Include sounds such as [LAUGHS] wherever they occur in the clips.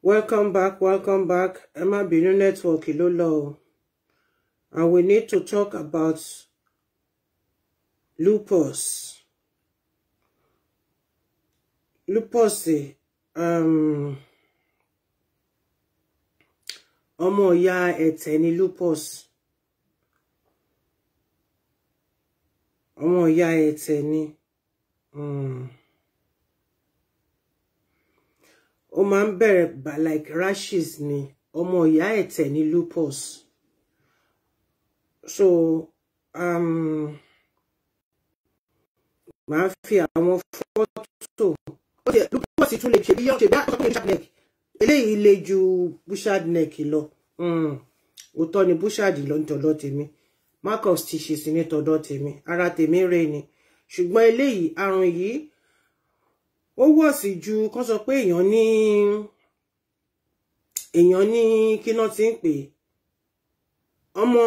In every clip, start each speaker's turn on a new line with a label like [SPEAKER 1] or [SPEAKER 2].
[SPEAKER 1] welcome back welcome back Emma má bínú nẹ́tíwọ̀kì and we need to talk about lupus lupus um, ọmọ ìyá ẹ̀tẹ̀ ni lupus ọmọ ìyá ẹ̀tẹ̀ ni. Mm. ó máa ń bẹ̀rẹ̀ bá like rashes ni ọmọ ìyá ẹ̀tẹ̀ ní lupus so um, màá fi àwọn fọ́tò lupus tún lè ṣe bí yọ̀ọ́ ṣe bí àtọ́kùn bushard neck eléyìí le ju bushard neck lọ hmm, òótọ́ ni bushard lọ ń tọ́lọ́ tèmi marcus ti ṣe sí ní tọ́dọ̀ tèmi ara tèmi rẹ̀ ni ṣùgbọ́n eléyìí àrùn yìí ó wọ̀sì ju kán sọ pé èèyàn ní èèyàn ní kíná ti ń pè ọmọ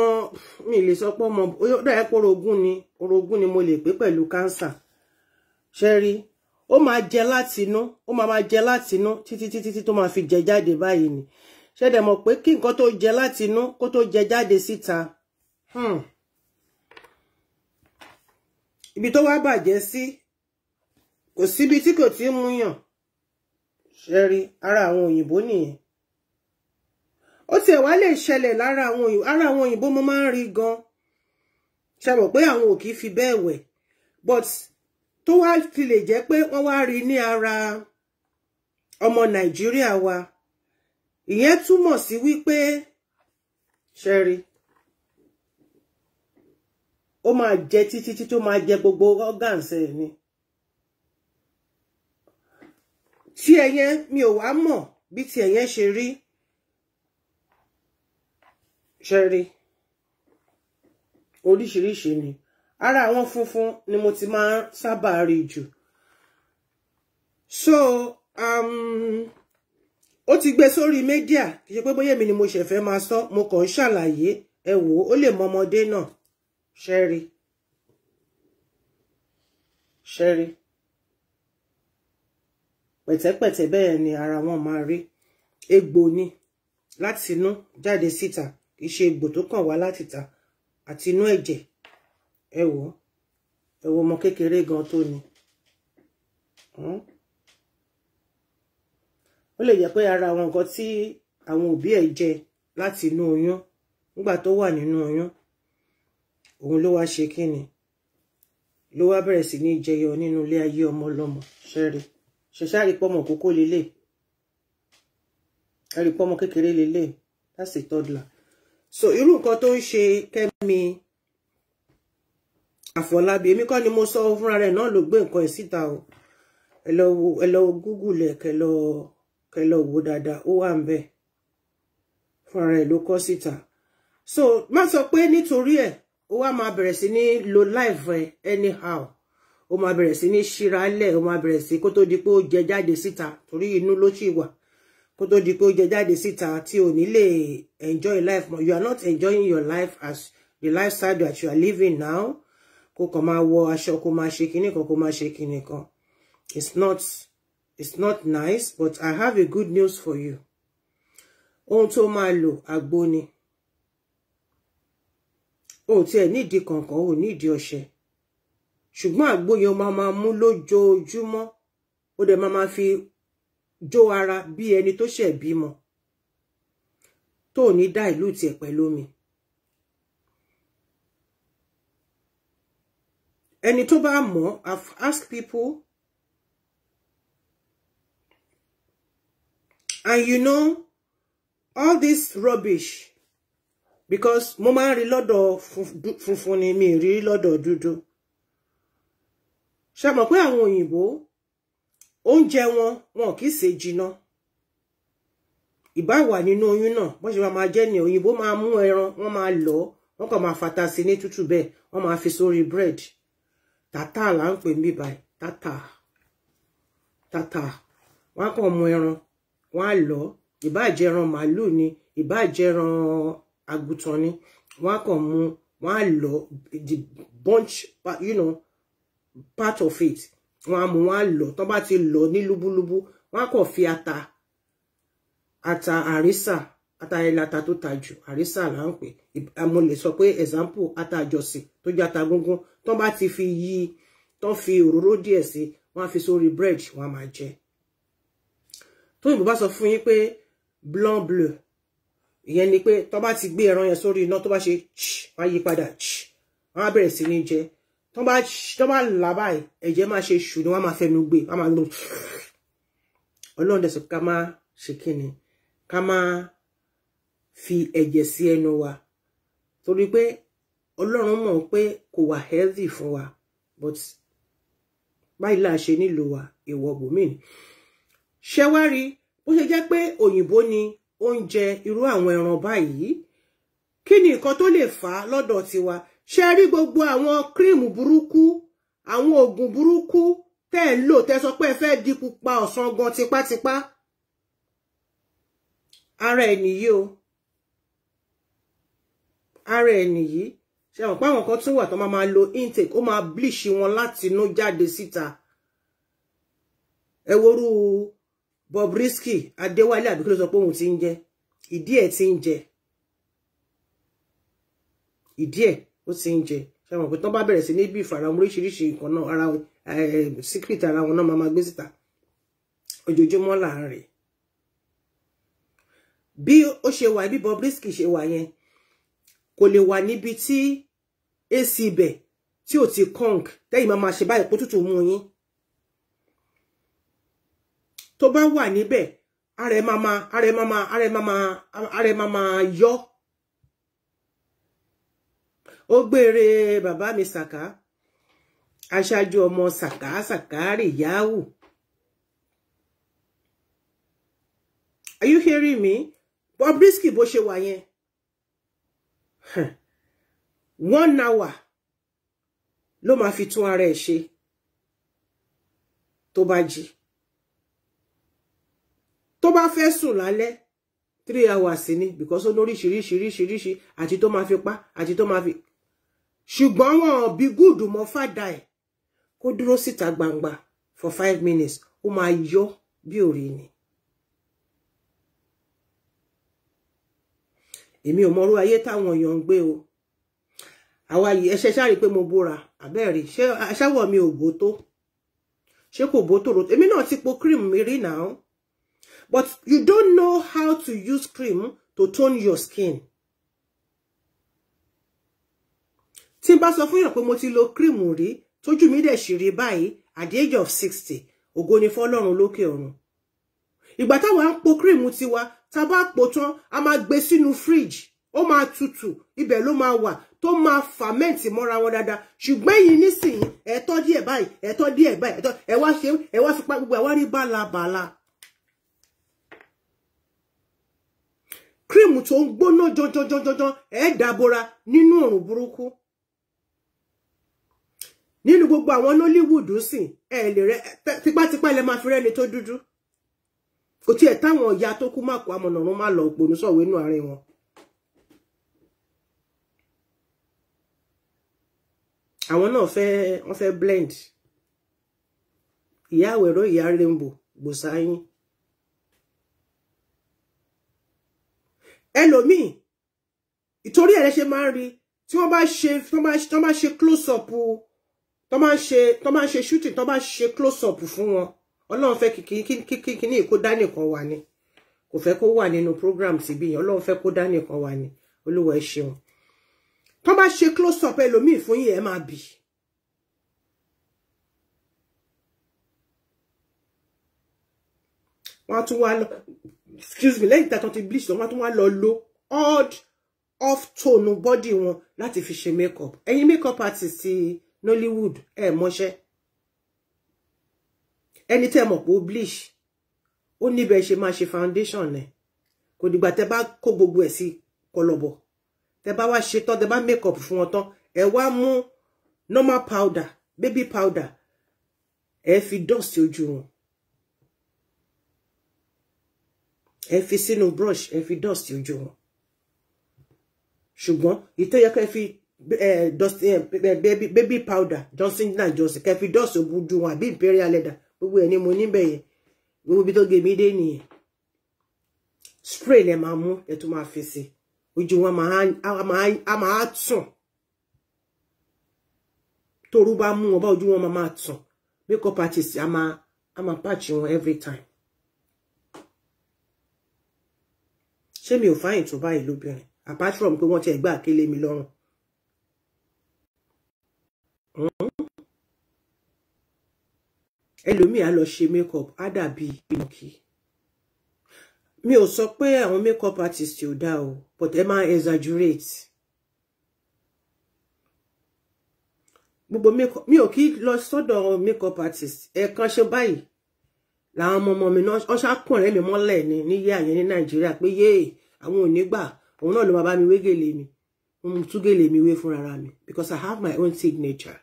[SPEAKER 1] mi lè sọ pé ọmọ ó dàá pé orogún ni orogún ni mo lè pè pẹ̀lú kánsà ṣe rí ó máa jẹ láti inú ó máa máa jẹ láti inú títí títí tó máa fi jẹ jáde báyìí ni ṣé dẹ̀ mọ̀ pé kí nǹkan tó jẹ láti inú kó tó jẹ jáde síta hmm. ibi tó wá bàjẹ́ sí kò síbi tí kò ti mú yàn ṣẹ́rí ara àwọn òyìnbó nìyẹn ó tiẹ̀ wá lè ṣẹlẹ̀ lára àwọn òyìnbó ara àwọn òyìnbó mo máa ń rí gan ṣe mọ̀ pé àwọn ò kì í fi bẹ́ẹ̀ wẹ̀ but tó wá ti lè jẹ́ pé wọ́n wá rí ní ara ọmọ nàìjíríà wa ìyẹn túmọ̀ sí wípé ṣẹ́rí ó máa jẹ títí tí tó máa jẹ gbogbo organs ẹ̀ ni. tí ẹ̀yẹn mi ò wá mọ̀ bí ti ẹ̀yẹn ṣe rí ṣe rí oríṣiríṣi ni ara àwọn funfun ni mo ti máa ń sábà rí jù so um, ó ti gbé sórí mídíà kì í ṣe pé bóyá èmi ni mo ṣẹ̀fẹ́ máa sọ mo kàn ń ṣàlàyé ẹ wò ó lè mọ ọmọdé náà ṣe rí ṣe rí pẹ̀tẹ́pẹ̀tẹ́ bẹ́ẹ̀ ni ara wọn máa rí egbò ni láti inú jáde síta kì í ṣe egbò tó kàn wá láti ta àti inú ẹ̀jẹ̀ ẹ wò ẹ wò ọmọ kékeré gan tó ni hmm? ó lè jẹ́ pé ara àwọn nǹkan tí àwọn òbí ẹ̀ jẹ láti inú oyún nígbà tó wà nínú oyún òun ló wá ṣe kí ni ló wá bẹ̀rẹ̀ sí ní jẹyọ nínú ilé ayé ọmọ ọlọ́mọ ṣẹ́rí ṣẹṣẹ àrípọmọ kókó lélẹ̀ àrípọmọ kékeré lélẹ̀ that's a toddler so irú nǹkan tó ń ṣe Kẹ́mi Àfọlábí èmi kọ́ ni mo sọ fúnra rẹ̀ náà ló gbé nǹkan ẹ̀ síta o ẹ lọ wo ẹ google ẹ kẹ́ lọ kẹ́ lọ wo dáadáa ó wà ń bẹ fúnra rẹ̀ ló kọ so má sọ pé nítorí ẹ̀ ó wá máa bẹ̀rẹ̀ sí ní lo live anyhow ó máa bẹ̀rẹ̀ sí ní ṣíralẹ̀ ó máa bẹ̀rẹ̀ sí kó tó di pé ó jẹ jáde síta torí inú ló ṣì wà kó tó di pé ó jẹ jáde síta tí ò ní lè enjoy life mọ́ you are not enjoying your life as the lifestyle that you are living now kó kàn máa wọ aṣọ kó máa ṣe kinní kan kó máa ṣe kinní kan it's not it's not nice but I have a good news for you ohun tó máa lò àgbo ni o tiẹ̀ nídìí kankan o nídìí ọṣẹ ṣùgbọ́n àgbo yẹn máa máa mú lójoojúmọ́ ó dẹ̀ máa máa fi jó ara bí ẹni tó ṣẹ̀ bímọ tó ní dá ìlú tiẹ̀ pẹ̀lú mi. ẹni tó bá mọ̀ I've people and you know all this rubbish because mo máa ń rí lọ́dọ̀ funfun ni mi rí lọ́dọ̀ dúdú ṣe mọ̀ pé àwọn òyìnbó oúnjẹ wọn wọn kì í ṣe jiná ìbá wà nínú oyún náà bọ́n ṣe máa máa jẹ́ ní òyìnbó máa mú ẹran wọ́n máa lọ wọ́n kàn máa fata sí ní tútù bẹ́ẹ̀ wọ́n máa fi sórí bread tata là ń pè mí báyìí tata tata wọ́n kàn mú ẹran wọ́n á lọ ìbá jẹ́ ẹran màálù ni ìbá jẹ́ ẹran àgùtàn ni wọ́n kàn mú wọ́n á lọ the bunch you know part of it wọ́n á mú wọn á lọ ti lọ ni lúbúlúbú wọ́n á kàn fi ata ata arisa ata ẹlata tó taju arisa àrísà là ń pè mo lè sọ pé example ata àjọsìn tó jẹ́ ata gúngún tán bá ti fi yi. tán fi òróró díẹ̀ sí wọ́n fi sórí bread wọ́n á máa jẹ tó yìnbó bá sọ fún yín pé blanc bleu ìyẹn ni pé tán bá ti gbé ẹran yẹn sórí iná tó bá ṣe ch wọ́n á yí ch wọ́n á bẹ̀rẹ̀ sí ní tán bá tán bá là báyìí ẹ̀jẹ̀ máa ṣe ṣù ni wọ́n máa fẹnu gbé wọ́n máa lò ọlọ́run dẹ̀sọ̀ ká máa ṣe kíni ká máa fi ẹ̀jẹ̀ sí ẹnu wa torí pé ọlọ́run mọ̀ pé kò wà healthy fún wa but báyìí là ṣe nílò wa èèwọ̀ bòmíì ṣé wá rí bó ṣe jẹ́ pé òyìnbó ni oúnjẹ irú àwọn ẹran báyìí kí ni nǹkan tó lè fà á lọ́dọ̀ ṣe rí gbogbo àwọn kírìmù burúkú àwọn oògùn burúkú tẹ́ ẹ̀ ń lò tẹ́ sọ pé ẹ fẹ́ di pupa ọ̀sán gan tipátipá ara ẹ̀ nìyí o ara ẹ̀ nìyí ṣe mọ̀ pé àwọn kan tún wà tó máa lo intake ó máa bleach wọn láti inú jáde síta ẹ worú Bobrisky Adéwálé àbí kí ló sọ pé òun ti ń jẹ ìdí ẹ̀ ti ń jẹ ìdí ẹ̀ ó ti ń jẹ ṣe mọ̀ pé tán bá bẹ̀rẹ̀ sí ní bí ìfaramọ́ oríṣiríṣi nǹkan náà ara eh, secret ara wọn náà máa máa gbé síta ojoojúmọ́ láàárín bí ó ṣe wà bí Bobrisky ṣe wà yẹn kò lè wà níbi tí AC ibẹ̀ tí ò ti kong tẹ́yìn máa máa ṣe báyìí kó tútù mú yín tó bá wà níbẹ̀ ara ẹ̀ máa máa ara ẹ̀ máa máa ara ẹ̀ máa máa yọ́ ó gbére bàbá mi sàká aṣáájú ọmọ sàká sàkárì yahoo are you hearing me Bobrisky bó ṣe wà yẹn one hour ló máa fi tún ara ẹ̀ ṣe tó bá jí tó bá fẹ́ sùn lálẹ́ three hours ni because ó lóríṣiríṣiríṣiríṣi àti tó máa fi pa àti tó máa fi ṣùgbọ́n wọn ò bí gúùdù mọ́ fàdà ẹ̀ kó dúró síta gbangba for five minutes ó máa yọ bí òrì ni. èmi ò mọrú ayé táwọn èèyàn ń gbé o àwa yìí ẹṣẹ ṣáà rí pé mo bóra àbẹ́ẹ̀rí ṣé aṣáwọ̀ mi ò bó tó ṣé kò bó tòrò èmi náà ti po cream mi rí now but you don't know how to use cream to tone your skin. tí n bá sọ fún yàn pé mo ti lo cream rí tójú mi dẹ̀ ṣì rí báyìí at the age of sixty ògo ni fọ́lọ́run lókè ọ̀run ìgbà táwa ń po cream tiwa tá bá po tán a máa gbé sínú fridge ó máa tutù ibẹ̀ ló máa wà tó máa fàmẹ́ǹtì mọ́ra wọn dáadáa ṣùgbọ́n yìí nísìnyí ẹ̀tọ́ díẹ̀ báyìí ẹ̀tọ́ díẹ̀ báyìí ẹ̀tọ́ ẹ wá ṣe ẹ wá fipá gbogbo ẹ wá rí bálabàla. cream tó ń gbóná jọjọjọjọjọ ẹ̀ dàbora nínú òrùn burúkú nínú gbogbo àwọn Nollywood sìn ẹ lè rẹ tipátipá lẹ máa fi rẹni tó dúdú kò tiẹ̀ táwọn ìyá tó kú má kó amọ̀nàrún má lọ òpònú sọ̀wé inú àárín wọn. àwọn náà fẹ́ wọ́n fẹ́ blend ìyá àwẹ̀rọ ìyá rainbow gbòsáyín ẹlòmíì ìtorí ẹ̀rẹ́ ṣe máa ń rí tí wọ́n bá ṣe close up o tó máa ń ṣe tó máa ń ṣe shooting tó máa ń ṣe close up fún wọn ọlọ́run fẹ́ kíkíní kó dání kan wà ni kò fẹ́ kó wà nínú program síbí yẹn ọlọ́run fẹ́ kó dání kan wà ni olúwa ẹ ṣeun tó bá ṣe close up ẹlòmíì fún yín ẹ máa bì wọ́n tún wá lọ excuse me lẹ́yìn tàtọ́ ti bleach wọ́n tún wá lọ lo odd off tone body wọn láti fi ṣe makeup ẹ̀yin makeup artist ti. Si, Nollywood ẹ mọṣẹ ẹni tẹ́ mọ̀ pé oblish ó níbẹ̀ ṣe máa ṣe foundation ẹ kò dìgbà tẹ́ bá kó gbogbo ẹ̀ sí kọ̀lọ̀bọ̀ tẹ́ bá wá ṣe tán tẹ́ bá make up fún wọn tán ẹ wá mú normal powder baby powder ẹ fi dust ojú wọn ẹ fi sínú brush ẹ fi dust ojú wọn ṣùgbọ́n ìtọ́yẹ ká fi eh, dust, eh, eh, baby, baby powder Johnson and Johnson kẹfì dust ogudu wọn àbí imperial leather gbogbo ẹ ni mo níbẹ̀ yẹn gbogbo ibi tó gé mi dé nìyẹn spray lẹ máa mú ẹ tó máa fi sí ojú wọn a máa tàn tóru bá mú wọn bá ojú wọn máa tàn makeup artist a máa a máa patch wọn every time ṣé mi ò fáyìn tó báyìí lóbìnrin apart from pé wọ́n ti ẹ̀ gbà kélé mi lọ́rùn ẹlòmíì á lọ ṣe makeup á dàbí ìmọ̀kì mi ò sọ pé àwọn makeup artist ò dá o but ẹ máa exaggerate gbogbo makeup mi ò kí lọ sọ́dọ̀ makeup artist ẹ̀ẹ̀kan ṣe báyìí làwọn ọmọ ọmọ mi náà ọṣàkùnrin mi mọ́lẹ̀ ní níyà yẹn ní nàìjíríà pé yéè àwọn ò ní gbà òun náà ló máa bá mi wégele mi mo tún gèlè mi wé fúnra mi because I have my own signature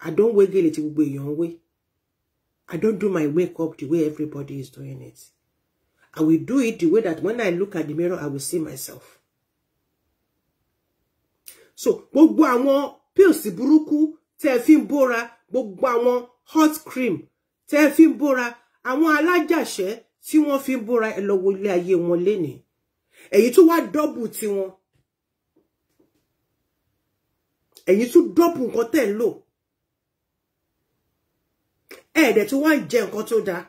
[SPEAKER 1] I don't wear gèlè tí gbogbo èèyàn wé I don't do my wake up the way everybody is doing it I will do it the way that when I look at the mirror I will see myself so gbogbo àwọn pills burúkú telfin bora, ń bóra gbogbo hot cream telfin bora, ń bóra si alájàṣẹ́ tí bora elogo ń bóra ẹ leni èyí tó wá dọ́bù tiwọn èyí tó dọ́bù nǹkan tẹ̀ ń lò ẹ̀ẹ̀dẹ̀ tó wá ń jẹ nǹkan tó dáa.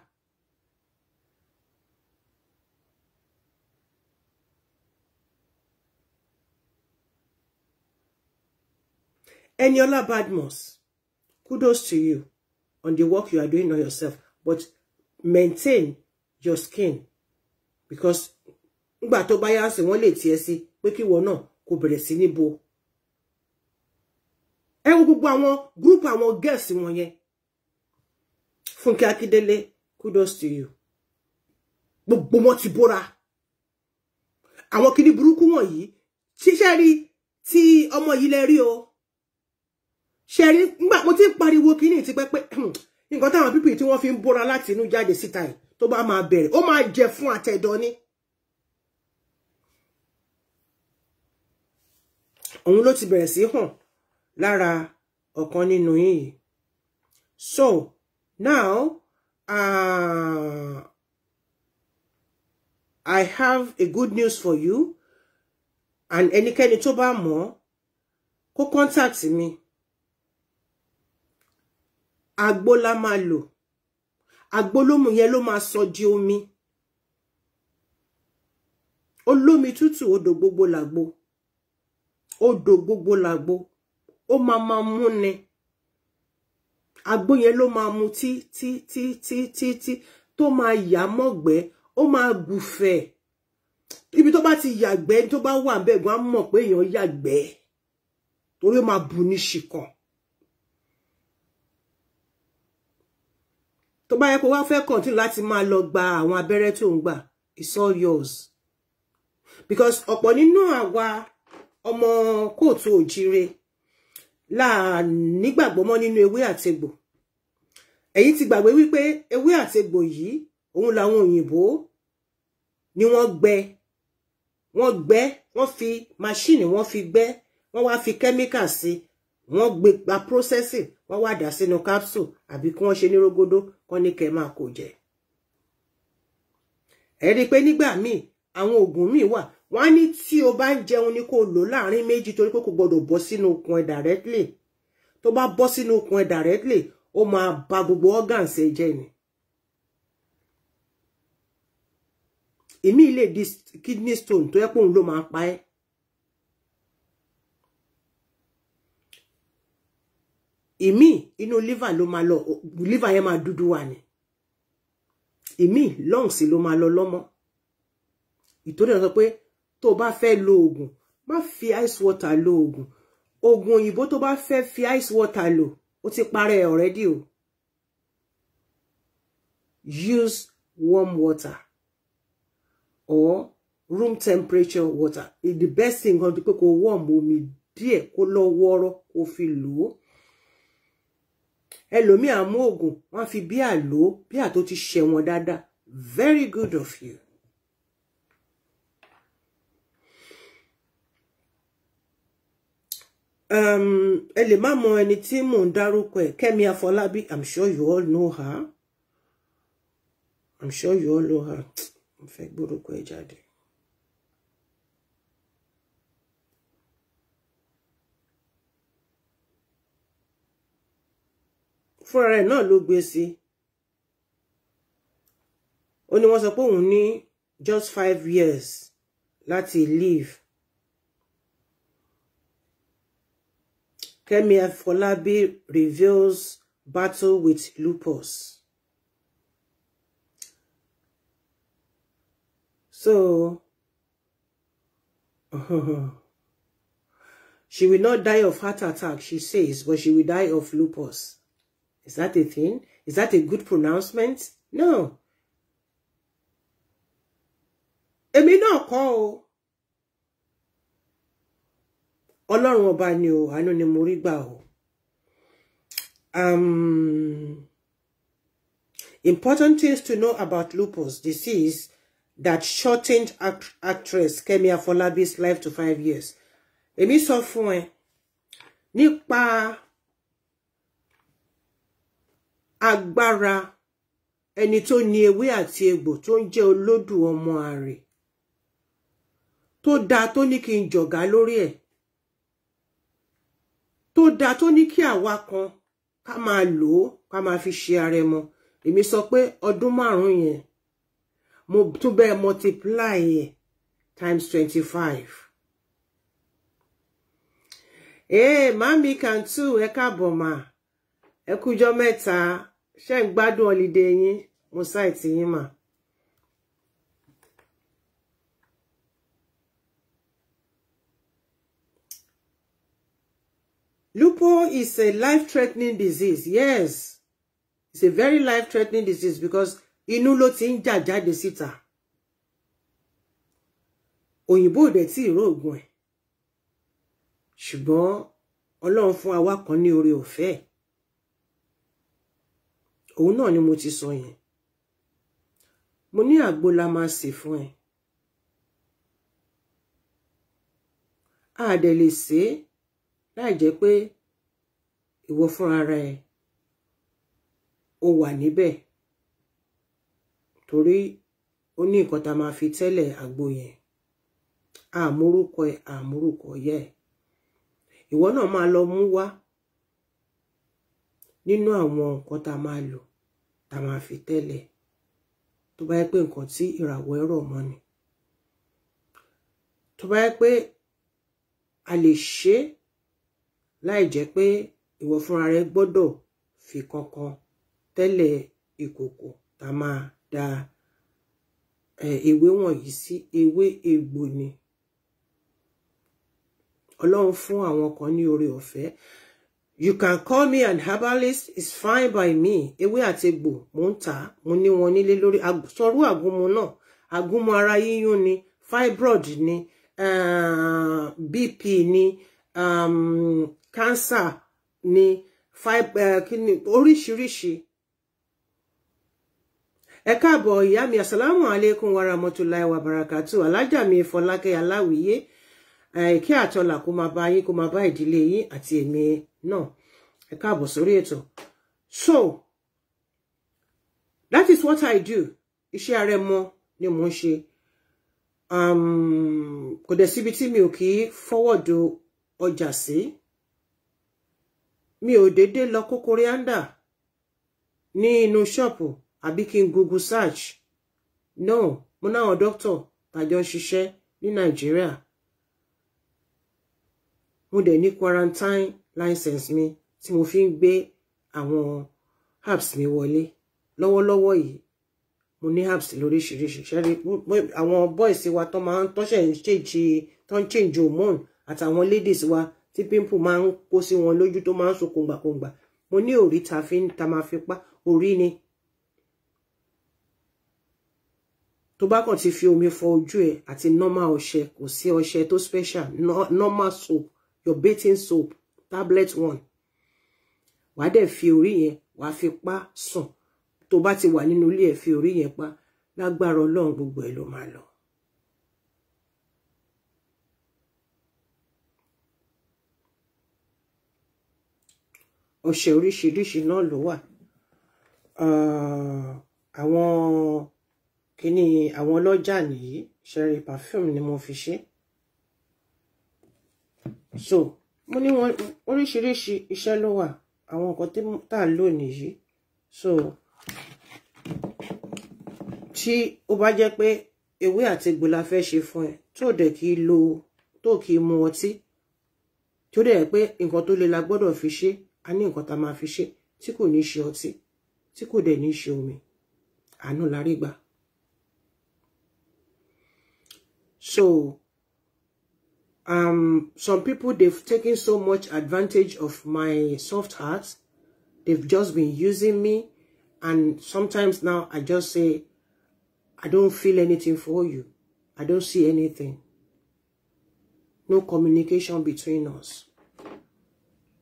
[SPEAKER 1] bad Badmus, kudos to you on the work you are doing on yourself, but maintain your skin because nígbà tó bá yá sí wọ́n lè tiẹ̀ sí pé kíwọ náà kò bẹ̀rẹ̀ sí níbo ẹ wo gbogbo àwọn gúrúùpù àwọn gẹẹsì wọn yẹn Fúnkẹ́ Akíndélé kudos to you gbogbo wọn ti kini àwọn kinní burúkú wọ̀nyí ṣiṣẹ rí tí ọmọ yìí lẹ rí o ṣe rí nígbà mo ti ń pariwo kinní ti pẹpẹ hmm, nǹkan táwọn pípì tí wọ́n fi ń bóra láti inú jáde síta yìí tó bá máa bẹ̀rẹ̀ ma máa jẹ fún àtẹ̀dọ̀ ni. òun ló ti bẹ̀rẹ̀ sí hàn lára ọ̀kan nínú yìí so now uh, I have a good news for you and ẹnikẹ́ni tó bá mọ̀ ọ́ kó contact mi agbo la máa lò agbo lómù yẹn ló máa sọ di omi olómi tútù odò gbogbo làgbo odò gbogbo làgbo ó máa máa mú ni àgbo yẹn ló máa mu ti ti, tí tí tí tí tó máa yà mọ́gbẹ́ ó máa gùfẹ̀ ibi tó bá ti yàgbẹ́ tó bá wà ń bẹ̀gbọ́n á mọ̀ pé èèyàn yàgbẹ́ torí ó máa bu ní ṣìkan. tó bá yẹ kó wá fẹ́ continue láti máa lọ gba àwọn abẹ́rẹ́ tó ń gbà it's all yours because ọ̀pọ̀ nínú àwa ọmọ kóòtù òjire láà nígbàgbọ́ mọ́ nínú ewé àtegbò ẹ̀yin ti gbàgbé wípé ewé àtegbò yìí òun làwọn òyìnbó ni wọ́n gbẹ wọ́n gbẹ wọ́n fi máṣíìnì wọ́n fi gbẹ wọ́n wá fi kẹ́míkà sí wọ́n gbé gba processing wọ́n wá dà sínú capsule àbí kí wọ́n ṣe ní rógódó kọ́ ní kẹ́ máa kó jẹ ẹ rí i pé nígbà míì àwọn oògùn míì wà wọ́n ní tí o bá ń jẹun ni kò lò láàrin méjì torí pé kò gbọdọ̀ bọ́ sínú okùn ẹ̀ directly tó bá bọ́ sínú okùn ẹ̀ directly ó máa ba gbogbo organs ẹ̀ jẹ́ ni. èmi lè di kidney stone tó yẹ pé òun ló máa pa ẹ́. ìmí inú liver ló máa lọ liver yẹn máa dúdú wà ní ìmí lungs ló máa lọ lọ́mọ ìtòrí sọ pé tó bá fẹ́ lo oògùn má fi ice water lo Ogun oògùn òyìnbó tó bá fẹ́ fi ice water lò ó ti parẹ́ already o use warm water or room temperature water It's the best thing kan pé kó warm omi díẹ̀ kó lọ wọ́ọ́rọ́ kó fi lò ó ẹlòmíà mú oògùn wọ́n fi bíà lò ó bíà tó ti ṣẹ̀wọ̀n dáadáa very good of you. um ẹ lè má mọ ẹni tí mò ń dárúkọ ẹ̀ i'm sure you all know her i'm sure you all know her mo fẹ́ gbórúkọ ẹ̀ jáde. fúnra ẹ̀ náà ló gbé sí ó ní wọ́n sọ pé òun just five years láti leave Kemi Afolabi reveals battle with lupus. So, [LAUGHS] she will not die of heart attack, she says, but she will die of lupus. Is that a thing? Is that a good pronouncement? No. Èmi náà kọ́ o ọlọ́run ọba ni o àánú ni mo rí gbà o um, important things to know about lupus disease that shortened act actress Kemi Afolabi's life to five years. Èmi sọ fún ẹ nípa agbára ẹni tó ní ewé àti egbò tó ń jẹ́ olódù ọmọ àrè tó dáa tó ní kí n jọ̀gá lórí ẹ̀ tó dáa tó ní kí àwa kan ká máa lò ó ká máa fi ṣe arẹmọ èmi sọ pé ọdún márùn yẹn mo tún bẹ́ẹ̀ multiply yẹn times twenty five. ee eh, mami kantu ẹ káàbọ̀ mà ẹ kújọ́ mẹ́ta ṣe ń gbádùn ọ̀lídé yín mo ṣáìtì yín mà. Lupus is a life-threatening disease. Yes. It's a very life-threatening disease because inú ló ti ń jà jáde síta. Òyìnbó dẹ̀ tí ìró ògùn ẹ̀. Ṣùgbọ́n Ọlọ́run fún àwa kan ní oore ọ̀fẹ́. Òun náà ni mo ti sọ yẹn. Mo ní àgbo la máa sè fún ẹ. A dẹ̀ lè sè láì jẹ́ pé ìwọ fúnra rẹ o wà níbẹ̀ torí ó ní nǹkan tá a máa fi tẹ́lẹ̀ àgbo yẹn àmúrúkọ ẹ àmúrúkọ yẹ ìwọ náà máa lọ mú wá nínú àwọn nǹkan tá a máa lò tá máa fi tẹ́lẹ̀ tó bá yẹ pé nǹkan tí ìràwọ̀ ẹ̀rọ mọ́ ni tó bá yẹ pé a lè ṣe é láì jẹ́ pé ìwọ fúnra rẹ gbọ́dọ̀ fi kankan tẹ́lẹ̀ ìkòkò tá a máa da ewé wọ̀nyí sí ewé egbò ni Ọlọ́run fún àwọn kan ní oore ọ̀fẹ́ you can call me an herbalist it's fine by me ewé àti egbò mò ń tà mo ní wọn nílé lórí sọrú àgúnmu náà àgúnmu ara yíyún ni fibroid ni uh, BP ni um, cancer ni eh, kíni oríṣiríṣi ẹ káàbọ̀ ìyá mi asalaamu aleykum wa rahmatulahi wa barakatu alájà mi fọlákẹ́ aláwìyé eh, kí àtọlà kó máa bá yín kó máa bá ìdílé yín àti èmi náà ẹ káàbọ̀ sórí ètò so that is what i do iṣẹ́ àrẹ̀mọ ni mò ń ṣe um, kò dẹ̀ síbi mi ò kì í fọwọ́dọ̀ ọjà mi ò déédéé lọ kó kòríáńdà ní inú ṣọ́ọ̀pù àbí kí n google search no mo náwọn dókítọ̀ tàjọ ń ṣiṣẹ́ ní nàìjíríà mo dẹ̀ ní quarantine license mi tí mo fi ń gbé àwọn herbs mi wọlé lọ́wọ́lọ́wọ́ yìí mo ní herbs lóríṣiríṣi ṣẹ́rí àwọn boys wa tó máa ń tọ́ṣẹ̀ ń ṣèjì tó ń change hormone àtàwọn ladies wa tí pimpu máa ń kó sí wọn lójú tó máa ń so kòǹgbàkòǹgbà mo ní òrí ta fi ń ta máa fi pa òrí ni tó bá kàn ti fi omi fọ ojú ẹ àti normal ọṣẹ kò sí ọṣẹ tó special normal soap your bathing soap tablet one wàá dẹ̀ fi orí yẹn wàá fi pa sùn tó bá ti wà nínú ilé ẹ̀ fi orí yẹn pa lágbára Ọlọ́run gbogbo ẹ̀ ló máa lọ. ọṣẹ oríṣiríṣi náà ló wà ah, àwọn kíní àwọn ọlọ́jà nìyí ṣẹ̀rí perfume ni mo fi ṣe so mo ní wọn oríṣiríṣi iṣẹ́ ló wà àwọn nǹkan tá à ń lò nìyí so tí ó bá jẹ́ pé ewé àti egbò la fẹ́ ṣe fún ẹ tó dẹ̀ kí lo tó kì í mu ọtí tó dẹ̀ pé nǹkan tó le la gbọ́dọ̀ fi ṣe a ní nǹkan tá a máa fi ṣe tí kò ní ṣe ọtí tí kò dẹ̀ ní ṣe omi àánú larí gbà. So um, some people they've taken so much advantage of my soft heart. They've just been using me. And sometimes now I just say, I don't feel anything for you. I don't see anything. No communication between us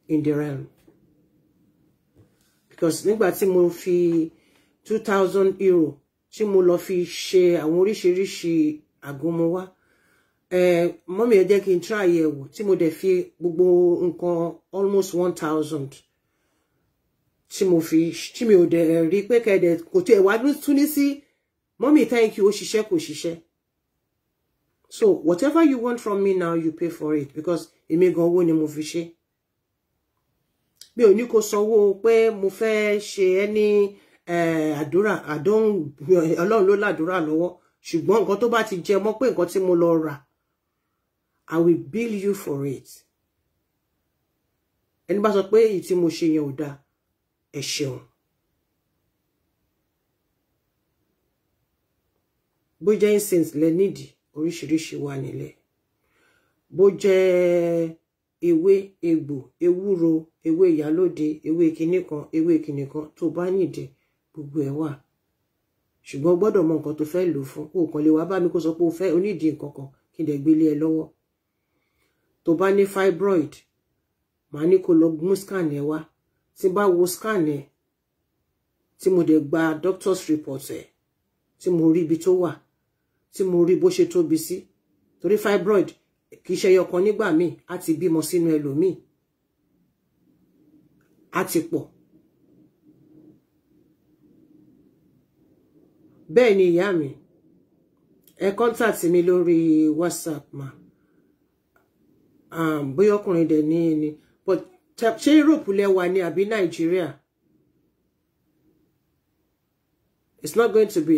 [SPEAKER 1] in the realm because nígbà tí mo fi two thousand euro tí mo lọ fi ṣe àwọn oríṣiríṣi àgúnmu wá mọ́mí ẹ jẹ́ kí n try ẹ̀wò tí mo dẹ̀ fi gbogbo nǹkan almost one thousand tí mo fi tí mi ò dẹ̀ rí pé kẹ́dẹ̀ kò tí ẹ̀ wá tún ní sí mọ́mí thank you ó ṣiṣẹ́ kò ṣiṣẹ́ so whatever you want from me now you pay for it because èmi gan owó ni mo fi ṣe mi ò ní kó sanwó pé mo fẹ́ ṣe ẹ́ eh, àdúrà ọlọ́run ló ládùúrà lọ́wọ́ ṣùgbọ́n nǹkan tó bá ti jẹ mọ́ pé nǹkan tí mo lọ rà I will bill you for it ẹni bá sọ pé èyí tí mo ṣe yẹn ò dáa ẹ ṣeun bó jẹ́ incense lẹ nídìí oríṣiríṣi wà nílẹ̀ bó jẹ́ ewé egbò ewúro ewé ìyálóde ewé kinní kan ewé kinní kan tó bá nìdí gbogbo ẹ̀ wà ṣùgbọ́n o mọ nǹkan tó fẹ́ lò fún kó kàn lè wá bá mi kó sọ pé o fẹ́ onídìí nǹkan kan kí n dẹ̀ gbélé ẹ lọ́wọ́ tó bá ní fibroid màá ní kó lọ mú scan ẹ wá tí bá wo scan ẹ tí mo dẹ̀ gba doctor's report ẹ tí mo rí ibi tó wà tí mo rí bó ṣe tóbi sí torí fibroid kì í ṣe ẹyọkan nígbà míì á ti bímọ sínú ẹlòmíì á ti pọ̀ bẹ́ẹ̀ ni ìyá mi ẹ contact mi lórí whatsapp ma um, bóyá ọkùnrin dẹ̀ ní ẹni but ṣé europe lẹ wà ní àbí nàìjíríà it's not going to be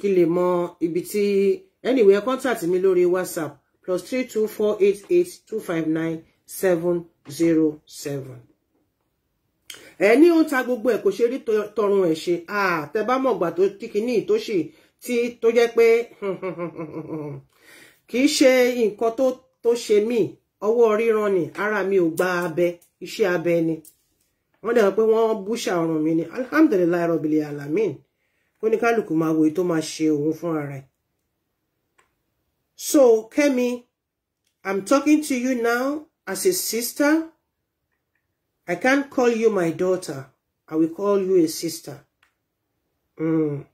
[SPEAKER 1] kí lè mọ ibi tí anyway ẹ contact mi lórí whatsapp plus three two four eight eight two five nine seven zero seven ẹ ní ta gbogbo ẹ̀ kò ṣe rí tọrùn ẹ̀ ṣe àtẹ bá mọ̀gbà tó kíkiní tó ṣì tí tó jẹ́ pé [LAUGHS] kì ṣe nǹkan tó ṣe mí ọwọ́ ríran ni ara mi ò gba abẹ iṣẹ́ abẹ ni wọ́n dẹ̀ pé wọ́n búṣà ọrùn mi ni alhamdulilayi rọ̀bìlì alamin kó ní kálukú máa wo tó máa ṣe òun fún ara ẹ̀. So Kemi, I'm talking to you now as a sister. I can't call you my daughter. I will call you a sister. Mm.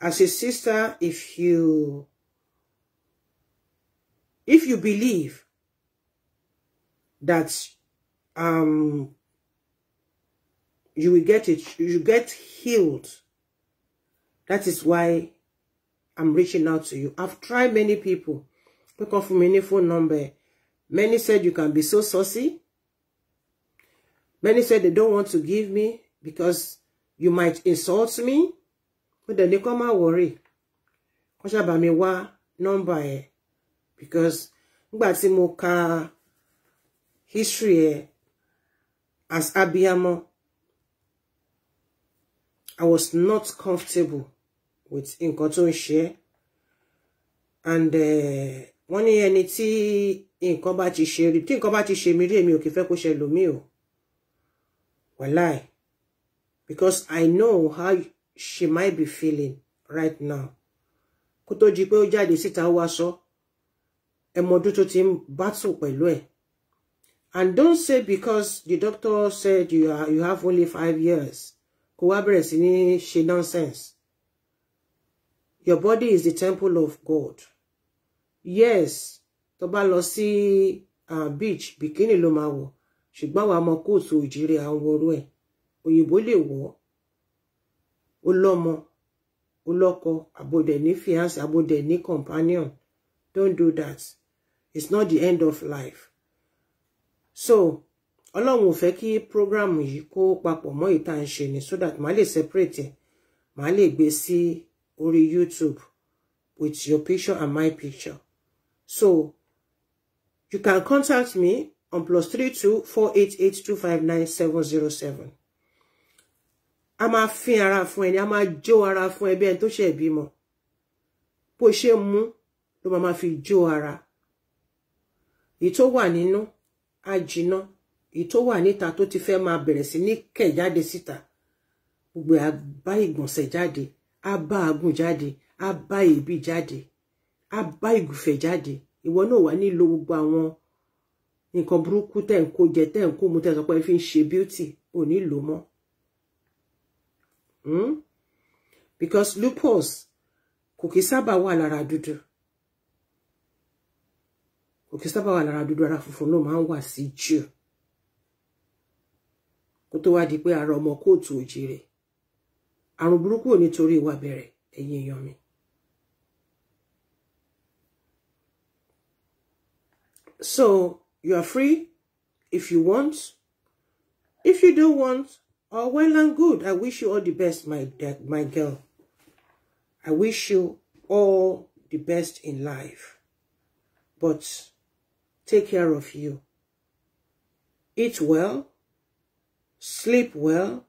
[SPEAKER 1] As a sister, if you if you believe that um you will get it, you get healed. That is why I'm reaching out to you. I've tried many people. Look off many phone number. Many said you can be so saucy. Many said they don't want to give me because you might insult me. But then they come out worry. Wọ́n ṣàbà mi wá nọ́mbà ẹ̀ because nígbà tí mo ka history ẹ̀ as abiyamọ I was not comfortable with nǹkan share, and eh, wọ́n ní ẹni tí nǹkan bá ti ṣe rí tí nǹkan bá ti ṣe mí rí èmi ò kì í fẹ́ kó ṣe lòmíì o. Wallahi. Because I know how she might be feeling right now. Kó tó jí pé ó jáde síta wá sọ. Ẹ mọ And don't say because the doctor said you are you have only five years. Kó wá bẹ̀rẹ̀ nonsense. Your body is the temple of God. Yes, tó bá uh, beach bikini ló máa ṣùgbọ́n àwọn ọmọ kóòtù òjìrè à ń worú ẹ̀ òyìnbó lè wọ̀ ọ́ ó lọ́mọ ní fiance àbòdẹ̀ ní companion don't do that it's not the end of life so ọlọ́run ò fẹ́ kí program yìí kó papọ̀ mọ́ ìta ń ṣe ni so that màá lè separate ẹ̀ màá lè gbé sí orí YouTube with your picture and my picture so you can contact me on plus three two four eight eight two five nine seven zero seven a máa fín ara fún ẹni a máa jó ara fún ẹbí ẹni tó ṣe ìbímọ bó ṣe mú ló máa máa fi jo ara èyí tó wà nínú á jiná èyí tó wà níta tó ti fẹ́ máa bẹ̀rẹ̀ sí ní sita. jáde síta gbogbo á bá ìgbọ̀nsẹ̀ jáde á bá agùn jáde á bá èébì jáde á bá ìgùfẹ̀ jáde ìwọ náà wà nílò gbogbo àwọn nǹkan burúkú tẹ̀ ń kó jẹ tẹ̀ ń kó mu tẹ̀ sọ pé fi ń ṣe beauty ò ní lò mọ́ hmm? because lupus kò kì í sábà wà lára dúdú kò kì í sábà wà lára dúdú ara funfun ló máa ń wà sí jù kó tó wá di pé ara ọmọ kóòtù òjìrè àrùn burúkú ò nítorí ìwà bẹ̀rẹ̀ ẹ̀yin èèyàn mi. So You are free if you want. If you do want, all well and good. I wish you all the best, my, my girl. I wish you all the best in life. But take care of you. Eat well. Sleep well.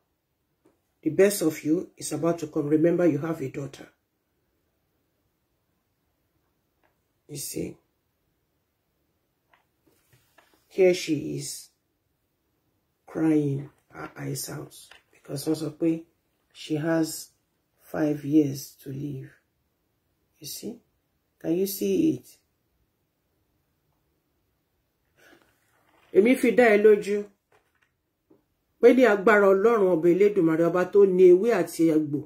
[SPEAKER 1] The best of you is about to come. Remember, you have a daughter. You see? here she is crying her eyes out because wọ́n sọ she has five years to live. You see? Can you see it? Emi fi dá ẹ lójú pé ní agbára Ọlọ́run ọba Elédùmarè ọba tó ní ewé àti egbò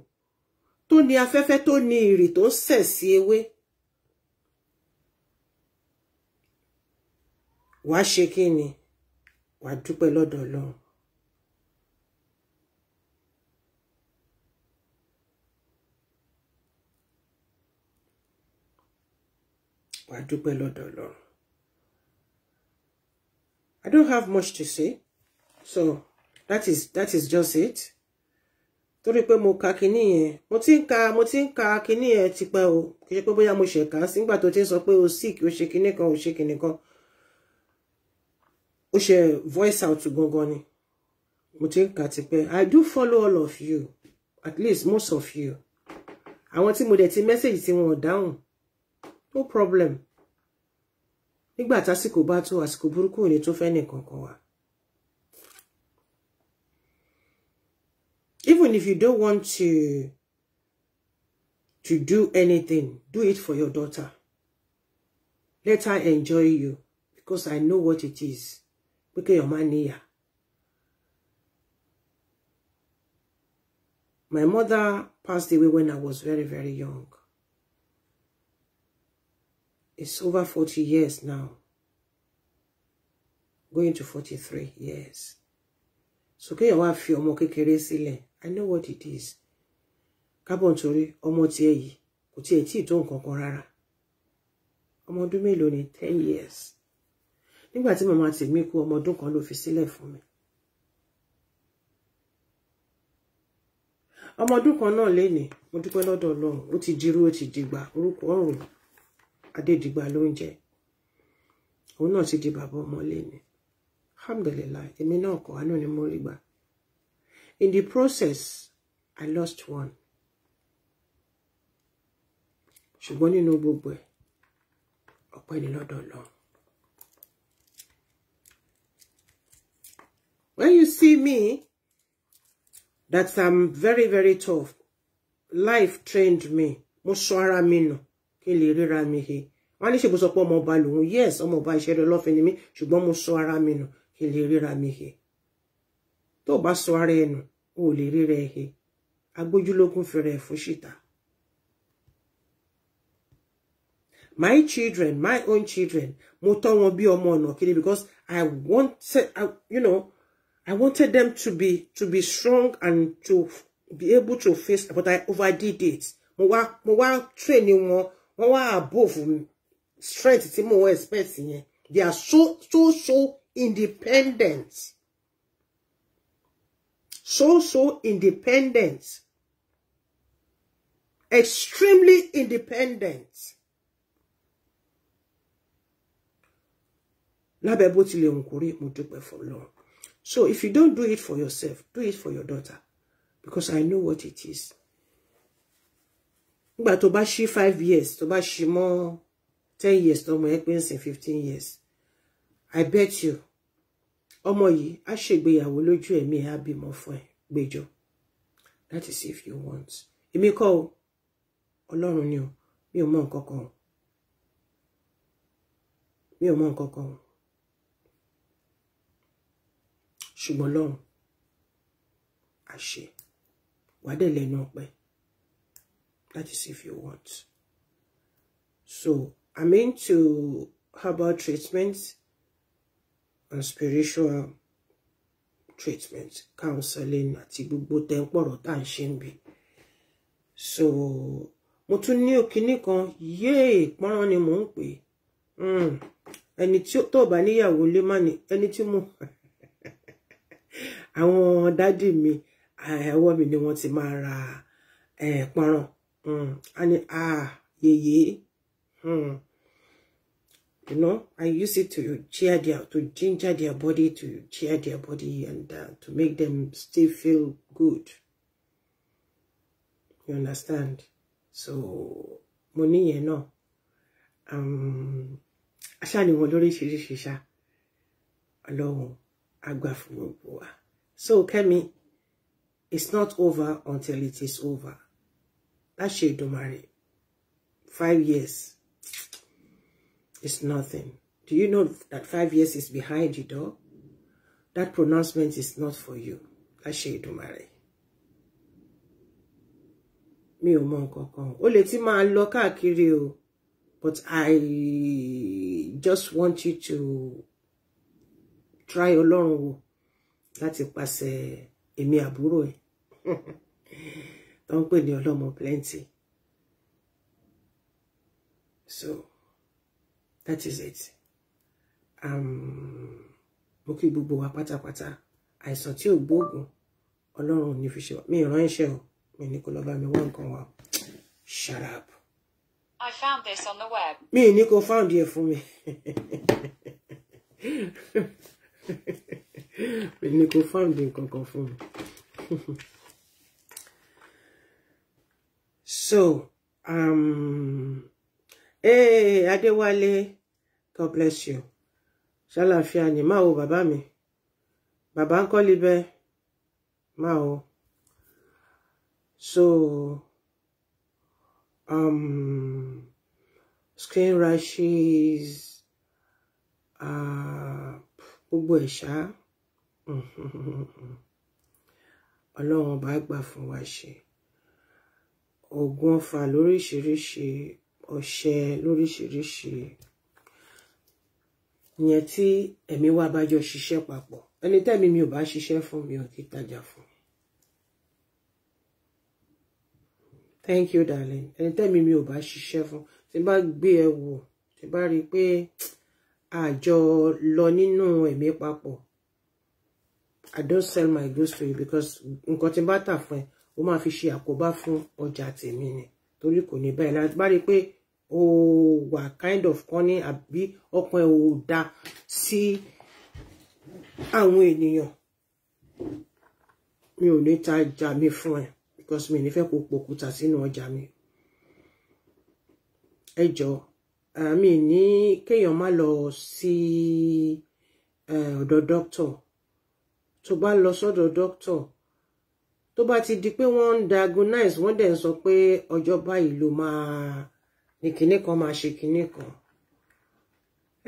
[SPEAKER 1] tó ní afẹ́fẹ́ tó ní ìrì tó ń sẹ̀ sí wàá ṣe kí ni wàá dúpẹ́ lọ́dọ̀ Ọlọ́run wàá dúpẹ́ lọ́dọ̀ Ọlọ́run I don't have much to say so that is that is just it torí pé mo ka kinní yẹn mo ti ń ka mo ti ń ka kinní yẹn tipẹ́ o kì í ṣe pé bóyá mo ṣe kà á sígbà tó ti ń sọ pé o sick o ṣe kinní kan o ṣe kinní kan ó ṣe voice out gangan ni mo ti ń kà tipẹ́ i do follow all of you at least most of you àwọn tí mo dẹ̀ ti mẹ́sẹ̀gì tí wọn down. no problem nígbà tásìkò bá tó àsìkò burúkú ni tó fẹ́ nìkan kan wà. even if you don't want to to do anything do it for your daughter let her enjoy you because i know what it is pé kéèyàn má níyà my mother passed away when I was very very young it's over forty years now going to forty three years so kéèyàn wá fi ọmọ kékeré sílẹ̀ I know what it is Carbon nítorí ọmọ tiẹ̀ yìí kò tiẹ̀ tí ì tó nǹkan kan rárá ọmọ ọdún mélòó ni ten years nígbà tí màmá tèmi kú ọmọ ọdún kan ló fi sílẹ̀ fún mi ọmọ ọdún kan náà lénìí mo dúpẹ́ lọ́dọ̀ Ọlọ́run ó ti jirú ó ti dìgbà orúkọ ọrùn adédìgbà ló ń jẹ òun náà ti di bàbá ọmọ lénìí alhamdulilayi èmi náà kọ àánú ni mo rí gbà in the process I lost one ṣùgbọ́n nínú gbogbo ẹ̀ ọpẹ́ ni lọ́dọ̀ Ọlọ́run. When you see me, that I'm very, very tough. Life trained me. Mo sọ ara mi nù kí n lè mi he. Wọ́n ní ṣe mo sọ pé ọmọ ọba lòun. Yes, ọmọ ọba ìṣẹ̀lẹ̀ ọlọ́fin ni mí, ṣùgbọ́n mo sọ ara mi nù kí n lè mi he. Tó o bá sọ ara ẹ nù, o ò lè he. Agbójúlógún fẹrẹ fún ṣìta. my children my own children mo tọ́ wọn bí ọmọ ọ̀nà kiri because i wanted I, you know I wanted them to be to be strong and to be able to face, but I overdid it. Mo wá training wọn, wọ́n above strength tí more expect They are so so so independent. So so independent. Extremely independent. Lábẹ́ bó tilẹ̀ òun kò rí mo dúpẹ́ So if you don't do it for yourself, do it for your daughter. Because I know what it is. But tó bá ṣí five years, tó bá ṣí mọ́ ten years, tó mọ̀ ẹ́ pé fifteen years. I bet you, ọmọ yìí á ṣègbéyàwó lójú ẹ̀mí ẹ̀ á bímọ fún ẹ̀ bejo. That is if you want. Èmi kọ́ o, Ọlọ́run ni o, mi ò mọ nǹkan kan o. Mi ò mọ ṣùgbọ́n lọ́run àṣẹ wàá dẹ̀ lẹ́nu ọpẹ́ that see if you want so i'm into herbal treatments and spiritual treatment counseling àti gbogbo tẹ́ńpọ̀rọ̀ tá à ń ṣe ń bì so mo tún ní òkínní kan yéè pọ́nrán ni mò ń pè é hmm, ẹni tó bá níyàwó lé má ní ẹni tí mo àwọn dádì mi eh, ọwọ́ mi ni wọ́n ti máa ra eh, pọ́nrán hmm. a ní a ah, yèyé hmm. you know I use it to cheer their to ginger their body to cheer their body and uh, to make them still feel good you understand so mo níyẹn náà um, aṣáà ni wọn lóríṣiríṣi ṣá Ọlọ́run á gbà fún gbogbo So Kemi, it's not over until it is over. That shade don't marry. Five years. It's nothing. Do you know that five years is behind you though? That pronouncement is not for you. That shade don't marry. Mi ò mọ̀ nǹkankan. Ó lè ti máa o. But I just want you to try Ọlọ́run wò láti pàṣẹ èmi àbúrò ẹ̀ [LAUGHS] tó ń pè ní ọlọ́mọ plenty so that is it um, mo kí gbogbo wa pátápátá àìsàn tí ò gbóògùn ọlọ́run ò ní fi ṣe wá mi ìránṣẹ́ o mi ní kó lọ bá mi wá nǹkan wa shut up. I found this on the web. mi ní kó found yẹ fún mi. [LAUGHS] [LAUGHS] èmi ni kò fáǹdì nǹkan kan [LAUGHS] so um, hey, Adewale, God bless you ṣàlàfíà ni máa wo bàbá mi bàbá ń kọ́ libẹ́ máa so um, skin rashes. Uh, gbogbo ẹ̀ ṣá [LAUGHS] ọlọ́run ọba gbà fún wa ṣe oògùn ọfà lóríṣiríṣi ọṣẹ lóríṣiríṣi ìyẹn tí ẹ̀mí wa bá jọ ṣiṣẹ́ papọ̀ ẹni tẹ́mi mi ò bá ṣiṣẹ́ fún mi ò kí tajà fún thank you darling ẹni tẹ́mi mi ò bá ṣiṣẹ́ fún tí bá gbé ẹ wò tí bá rí i pé àjọ lọ nínú ẹ̀mí papọ̀ i don't sell my goods to you because nǹkan tí n bá tà fún ẹ ó máa fi ṣe àkóbá fún ọjà tèmi ni torí kò ní báyìí láti bá rí i pé o wà kind of kọ́ni àbí ọkàn ẹ̀ ò da sí àwọn ènìyàn mi ò ní ta ọjà mi fún ẹ because mi ò ní fẹ́ kó pokùtà sínú ọjà mi ẹ jọ̀ọ́ mi ní kéèyàn má lọ sí ọ̀dọ̀ doctor tó bá lọ sọ́dọ̀ doctor tó bá ti di pé wọ́n ń diagnose wọ́n dẹ̀ ń sọ pé ọjọ́ báyìí ló máa ní kinní kan máa ṣe kinní kan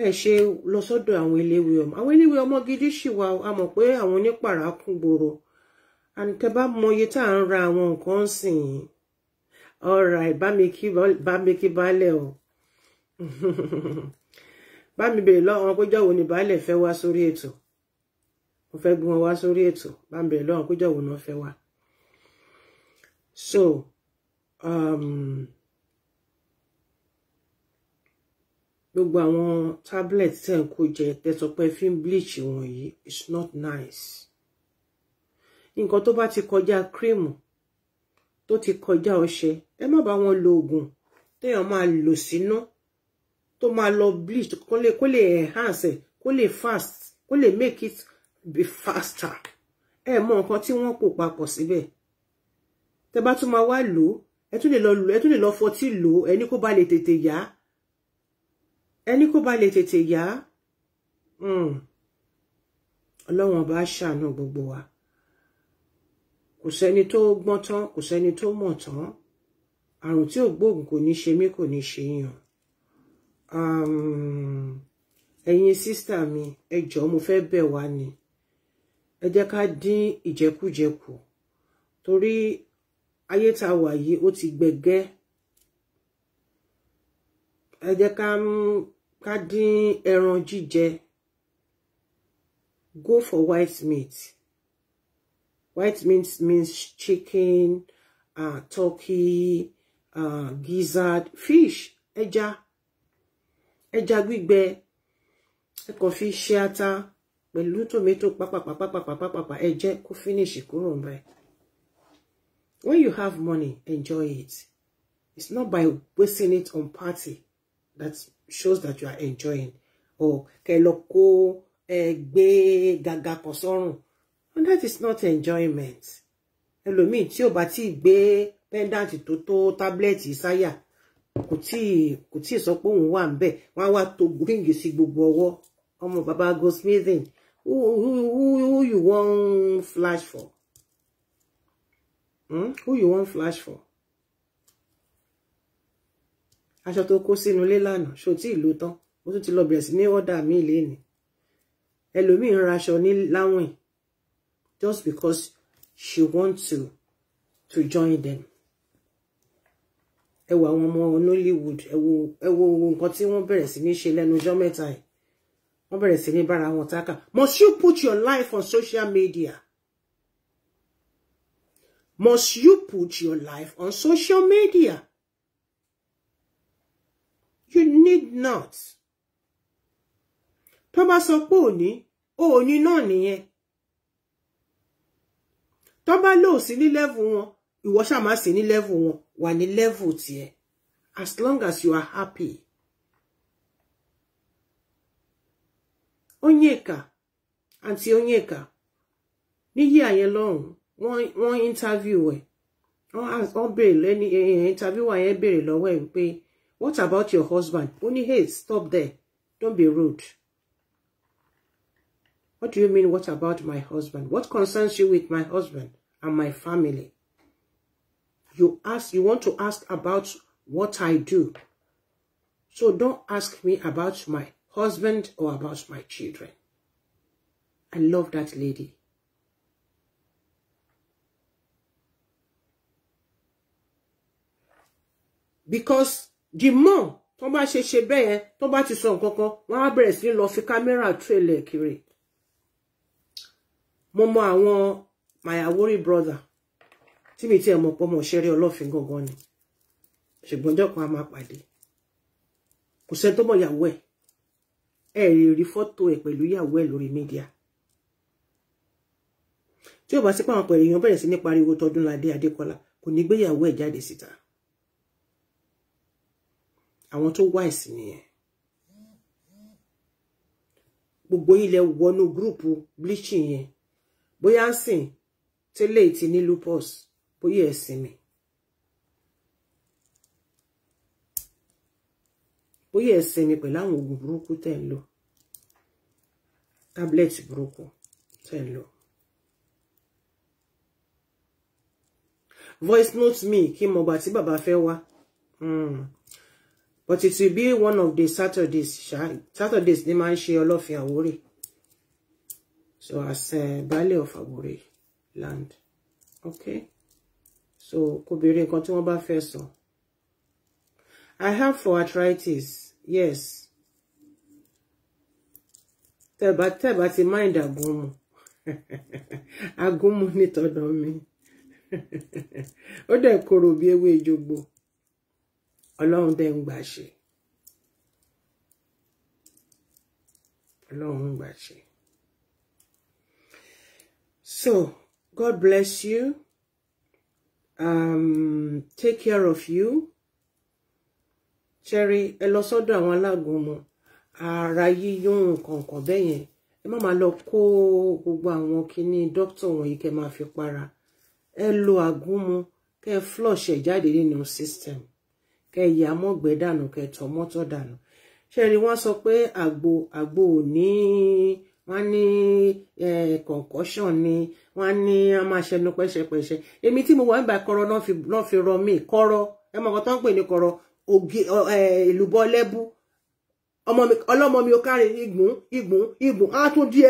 [SPEAKER 1] ẹ ṣe lọ sọ́dọ̀ àwọn eléwé ọmọ àwọn eléwé ọmọ gidi ṣì wà a mọ̀ pé àwọn onípàrà kún gbòòrò àǹtẹ bá mọye tá à ń ra àwọn nǹkan sìn all right bá mi [LAUGHS] bá mi bèrè lọ́wọ́n pé jọ̀wọ́ ni baálẹ̀ fẹ́ wá sórí ètò mo fẹ́ gbé wá sórí ètò bá mi bèrè lọ́wọ́n pé jọ̀wọ́ náà fẹ́ wá. so um, gbogbo àwọn tablet tẹ̀ ń kó jẹ tẹ̀sọ̀ pé bleach wọ̀nyí it's not nice. nǹkan tó bá ti kọjá kírìmù tó ti kọjá ọṣẹ ẹ má bá wọn lo oògùn téèyàn máa lò sínú. No? To máa lọ bleach kó lè kó lè enhance ẹ̀ kó fast kó lè make it be faster ẹ mọ nǹkan tí wọ́n pò papọ̀ síbẹ̀ tẹ́ bá tún máa wá lò ó ẹ tún lo, lọ lò ẹ tún lè lọ fọtí lò ó ẹni kó ba lè tètè yá ẹni kó ba lè tètè yá hmm. ọlọ́run ọba ṣàánú gbogbo wa kò sẹ́ni tó gbọ́n tán kò sẹ́ni tó mọ̀ tán àrùn tí ò gbóògùn kò ní ṣe mí kò ní ṣe yàn ẹ̀yin sísítà mi ẹ jọ̀ọ́ mo fẹ́ bẹ̀ wá ni ẹ jẹ́ ká dín ìjẹkújẹ kù torí ayé tá a wà yìí ó ti gbẹgẹ́ ẹ jẹ́ ká ká dín ẹran jíjẹ go for white meat white meat means chicken uh, turkey uh, gizzard fish ẹja. E ẹja gbígbẹ ẹ kàn fi ṣe ata pẹ̀lú tòmẹ́tò pápápápápápápá ẹ jẹ kó finish kúrò mbẹ when you have money enjoy it it's not by wasting it on party that shows that you are enjoying or kẹ lọ kó ẹ gbé gàgà kan sọ́rùn and that is not enjoyment ẹlòmíì tí ò bá ti gbé pendant tó tó tábìlẹ̀tì sáyà kò tí sọ pé òun wà níbẹ̀ wọ́n á wá to ríǹgì sí gbogbo ọwọ́ ọmọ bàbá goldsmithing who who who you wan flash for hmm? who you wan flash for aṣọ tó kó sínú ilé lánàá ṣó tí ìlú tán ó tún ti lọ bẹ̀rẹ̀ sí ní ọ̀dà mi lẹ́ni ẹlòmíì ń raṣọ ní láwìn just because she want to to join them ẹ àwọn ọmọ Nollywood ẹ wo nǹkan tí wọ́n bẹ̀rẹ̀ sí ní ṣe lẹ́nu ọjọ́ mẹ́ta yìí wọ́n bẹ̀rẹ̀ sí ní bára wọn tákà must you put your life on social media must you put your life on social media you need not tó bá sọ pé òní òní náà nìyẹn tó bá lò sí ní lẹ́vù wọn ìwọ ṣáà má sí ní lẹ́vù wọn wà level tiẹ̀ as long as you are happy Onyeka àǹtí Onyeka níyí àyẹn lọ́hùn wọ́n interview ẹ̀ On béèrè lẹ́ni interview àyẹn béèrè lọ́wọ́ ẹ̀ what about your husband ó hey stop there don't be rude. What do you mean, what about my husband? What concerns you with my husband and my family? you ask, you want to ask about what I do. So don't ask me about my husband or about my children. I love that lady. Because the more tó bá ṣe ṣe bẹ́ẹ̀ tó bá ti sọ nǹkan kan wọ́n á bẹ̀rẹ̀ sí fi kámẹ́rà trailer kiri mo mọ my Awori brother tí mi tiẹ̀ mọ̀ pé ọmọ òṣèré ọlọ́fin gangan ni ṣùgbọ́n ọjọ́ kan a máa pàdé kò sẹ́ni tó mọ̀ ìyàwó ẹ̀ ẹ̀ lè rí fọ́tò ẹ̀ pẹ̀lú e ẹ̀ lórí mídíà tí ò bá sí pàwọn pẹ̀lú èèyàn bẹ̀rẹ̀ sí ní pariwo Tọ́dúnládé Adékọ́lá kò ní gbéyàwó ẹ̀ jáde síta àwọn tó wá ìsìn nìyẹn gbogbo yín lẹ wọnú bleaching yẹn bóyá ń sìn tẹ́lẹ̀ ti ní lupus bóyá ẹ̀sìn mi bóyá ẹ̀sìn mi pẹ̀lú àwọn oògùn burúkú tẹ̀ ń lò tábìlẹ̀tì burúkú tẹ̀ ń lò. voice note me kí mo gbà tí bàbá fẹ́ wá hmm. but it will be one of the saturdays ṣá saturdays ni máa ń ṣe ọlọ́fin àwórè so as uh, baálé of àwórè land okay so kò béèrè nǹkan tí wọ́n bá fẹ́ I have for arthritis yes tẹ́ẹ̀bá tẹ́ẹ̀bá ti mind àgúnmu [LAUGHS] àgúnmu nítọ̀dọ̀ mi [LAUGHS] ó dẹ̀ korò bí ewé ìjogbo ọlọ́run dẹ̀ ń gbà ṣe ọlọ́run ń gbà ṣe. So, God bless you um, take care of you cherry ẹ sodo sọ́dọ̀ àwọn alágúnmu ara yíyún nǹkankan bẹ́ẹ̀ yẹn ẹ má máa lọ kó gbogbo àwọn kinní dókítà wọ̀nyí kẹ́ máa fi para ẹ lo àgúnmu kẹ́ flush ẹ̀ jáde nínú system kẹ́ yà mọ́gbẹ́ dànù kẹ́ tọ́ mọ́tọ́ dànù cherry wọ́n sọ pé àgbo àgbo ò ní. Ni wọ́n ní eh, concoction ni wọ́n ní a máa ṣẹnu pẹ́ṣẹpẹ́ṣẹ èmi tí mo wà kọrọ kọ́rọ́ náà fi rọ mí kọrọ ẹ mọ̀ nǹkan tó ń pè ní eh, mi ò kárí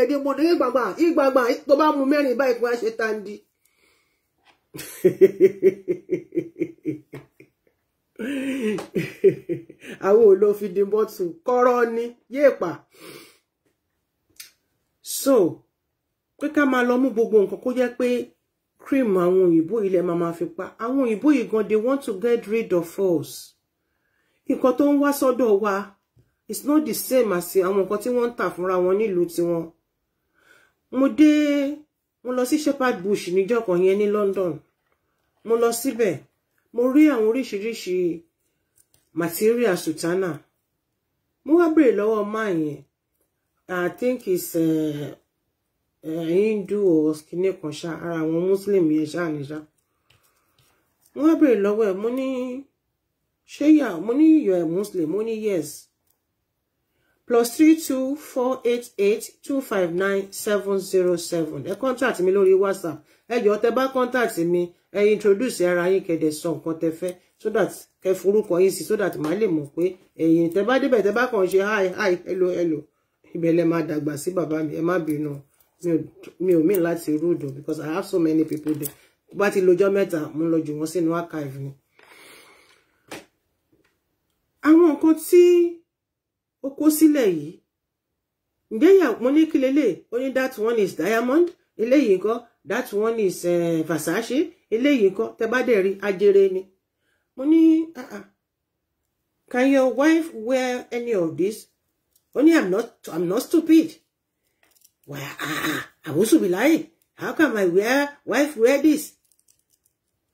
[SPEAKER 1] di gbọdọ ìgbàgbà ìgbàgbà tó mu [LAUGHS] so pé ká máa lọ mú gbogbo nǹkan kó jẹ́ pé cream àwọn òyìnbó yìí máa máa fi pa àwọn òyìnbó yìí gan they want to get rid of us nǹkan tó ń wá sọ́dọ̀ wa it's not the same as àwọn nǹkan tí wọ́n ń tà fúnra wọn nílùú tiwọn mo dé mo lọ sí shepherd bush níjọ́ kan yẹn ní London mo lọ síbẹ̀ mo rí àwọn oríṣiríṣi material sutana mo wá béèrè lọ́wọ́ máa yẹn I think it's uh, uh, Hindu or skinny kan ṣá ara Muslim yes ṣá ni ṣá wọ́n á money? lọ́wọ́ ẹ̀ money. you are Muslim money yes plus three two four eight eight two five nine seven zero seven ẹ contact mi lórí WhatsApp ẹ jọ̀ọ́ tẹ́ bá contact me. ẹ introduce ara yín kẹdẹ song. nǹkan tẹ́ fẹ́ so that kẹ́ forúkọ yín so that my lè mọ̀ pé ẹ̀yin tẹ́ bá débẹ̀ tẹ́ hi hi hello hello ibẹ̀ lẹ máa dàgbà sí bàbá mi ẹ má bínú mi ò mí láti rúdò because i have so many people there bá ti lọ́jọ́ mẹ́ta mo lọ jù wọ́n sínú archive ni. àwọn nǹkan tí ó kó sílẹ̀ yìí ǹjẹ́ ìyá mo ní kí lélẹ̀ ó ní that one is diamond eléyìí nǹkan that one is uh, Versace eléyìí nǹkan tẹ bá dẹ̀ rí ajere ni mo ní ah, ah, can your wife wear any of this Only i'm not i'm not stupid why ah also ah, ah, be lying. how come my wear wife wear this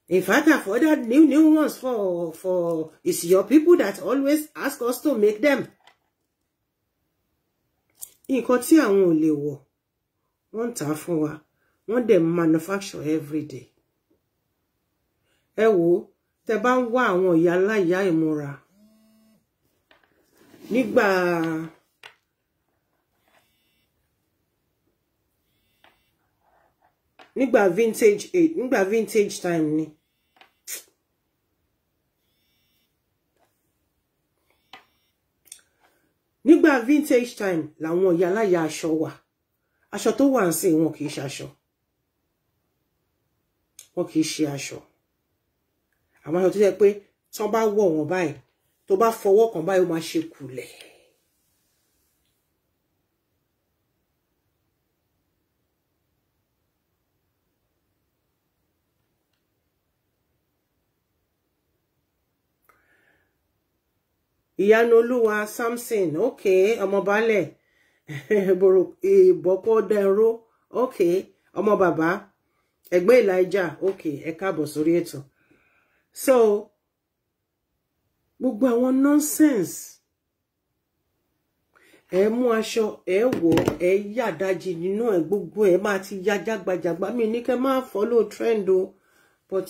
[SPEAKER 1] in fact i've ordered new new ones for for it's your people that always ask us to make them In tí àwọn ò lè wọ̀ wọ́n ń tà manufacture every day Ewo, wo ban wa ń wá àwọn ìyá aláìyá nígbà vintage eight nígbà vintage time ni. nígbà vintage time làwọn ìyá aláya aṣọ wà aṣọ tó wà ń sìn wọn kì í ṣe aṣọ wọn kì í ṣe aṣọ àwọn aṣọ tó jẹ pé tán bá wọ̀ wọ́n báyìí tó bá fọwọ́ kàn báyìí ó máa ṣe kùlẹ̀. ìyanu olúwa samson ok ọmọbalẹ [LAUGHS] ìbọkọ dẹrọ ok ọmọ bàbá ẹgbẹ elijah ok ẹ káàbọ̀ sórí ètò so gbogbo àwọn nonsense ẹ mú aṣọ ẹ wọ ẹ yàdájì nínú ẹ gbogbo ẹ máa ti ya jágbajàgbá mi ní kẹ máa follow trend o but.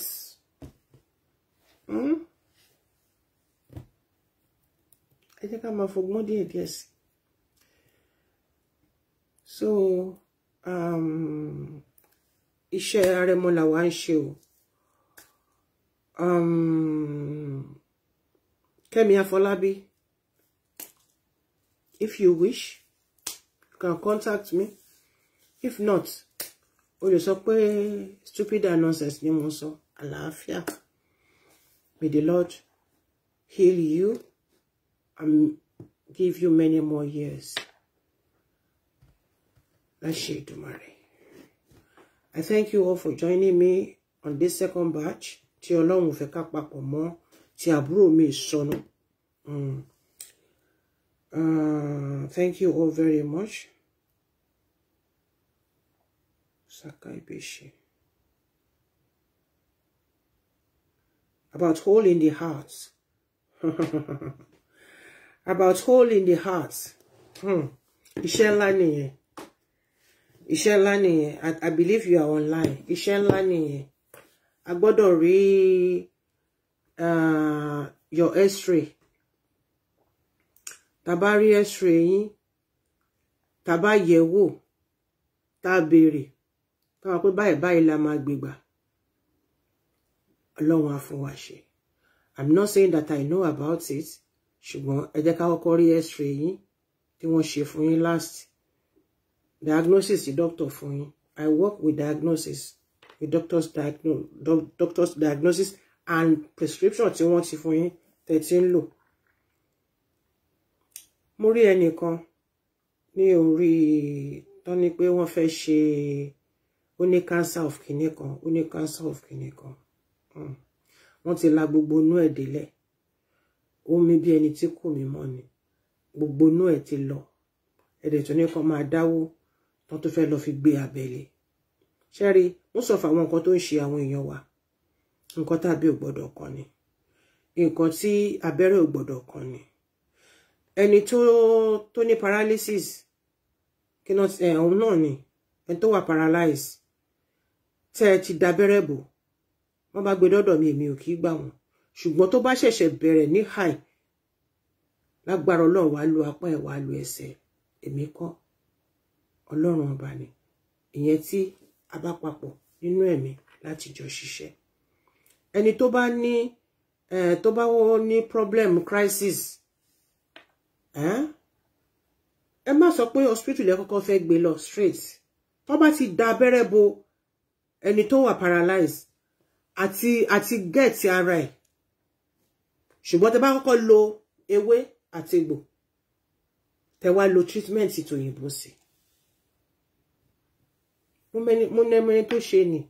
[SPEAKER 1] Mm? ẹ jẹ́ ká máa fọgbọ́n díẹ̀ so um, iṣẹ́ Arẹmọ làwa ń ṣe o um, Kẹ́mi Afọlábí if you wish you can contact me if not o lè sọ stupid and nonsense ni mo sọ àlàáfíà may the Lord heal you. Um, give you many more years. Lashe Dumare. I thank you all for joining me on this second batch. Tí Ọlọ́run fẹ́ ká papọ̀ mọ́ tí àbúrò mi sọnù. Mm. Uh, thank you all very much. Sakaibeshi. About holding the heart. [LAUGHS] about hole in the heart hmm. iṣẹ́ ńlá nìyẹn iṣẹ́ ńlá nìyẹn I believe you are online iṣẹ́ ńlá nìyẹn a gbọ́dọ̀ rí uh, your x-ray tàbá rí x-ray yín tàbá yẹ̀ wò tá a béèrè táwọn pé báyìí báyìí la máa gbégbà ọlọ́run á fún wa ṣe I'm not saying that I know about it ṣùgbọ́n ẹ jẹ́ ká kọ́kọ́ rí x-ray yín tí wọ́n ṣe fún yín last diagnosis tí doctor fún yín I work with diagnosis with doctor's, diagno doctor's diagnosis and prescription tí wọ́n ti fún yín tẹ́ ti ń lò mo rí ẹnìkan ní orí tán ni pé wọ́n fẹ́ ṣe ó ní cancer of kìnìkan ó ní cancer of kìnìkan hmm. wọ́n ti la gbogbo inú ẹ̀ délẹ̀ ó mi bí ẹni tí kò mí mọ́ ni gbogbo inú ẹ̀ ti lọ ẹ̀dẹ̀ tó ní kan máa dáwó tán tó fẹ́ lọ fi gbé abẹ́lé ṣẹ́rí wọ́n sọ fún àwọn nǹkan tó ń ṣe àwọn èèyàn wa nǹkan tàbí ò gbọ́dọ̀ kan ni nǹkan tí abẹ́rẹ́ ò gbọ́dọ̀ kan ni ẹni tó tó ní paralysis kí náà ẹ̀ ọ̀hún náà ni ẹni tó wà paralyzed tẹ́ ẹ ti dabẹ́rẹ́ bò wọ́n bá gbé dọ́dọ̀ mi èmi ò kì gbà wọ́n ṣùgbọ́n tó bá ṣẹ̀ṣẹ̀ bẹ̀rẹ̀ ní high lágbára ọlọ́run wàá lu apá ẹ̀ wàá lu ẹsẹ̀ èmi kọ́ ọlọ́run ọba ni ìyẹn tí a bá papọ̀ nínú ẹ̀mí láti jọ ṣiṣẹ́ ẹni tó bá ní tó bá wọ́n ní problem crisis ẹ má sọ pé hospital yẹn kọ́kọ́ fẹ́ gbé lọ straight tó bá ti da abẹ́rẹ́ bo ẹni tó wà paralyzed àti àti gẹ̀ẹ́tì ara ẹ̀ ṣùgbọ́n tẹ bá kọ́kọ́ lo ewé àti egbò tẹ wá lo treatment tòyìnbó sí mo nẹ́mẹ́rin tó ṣe ni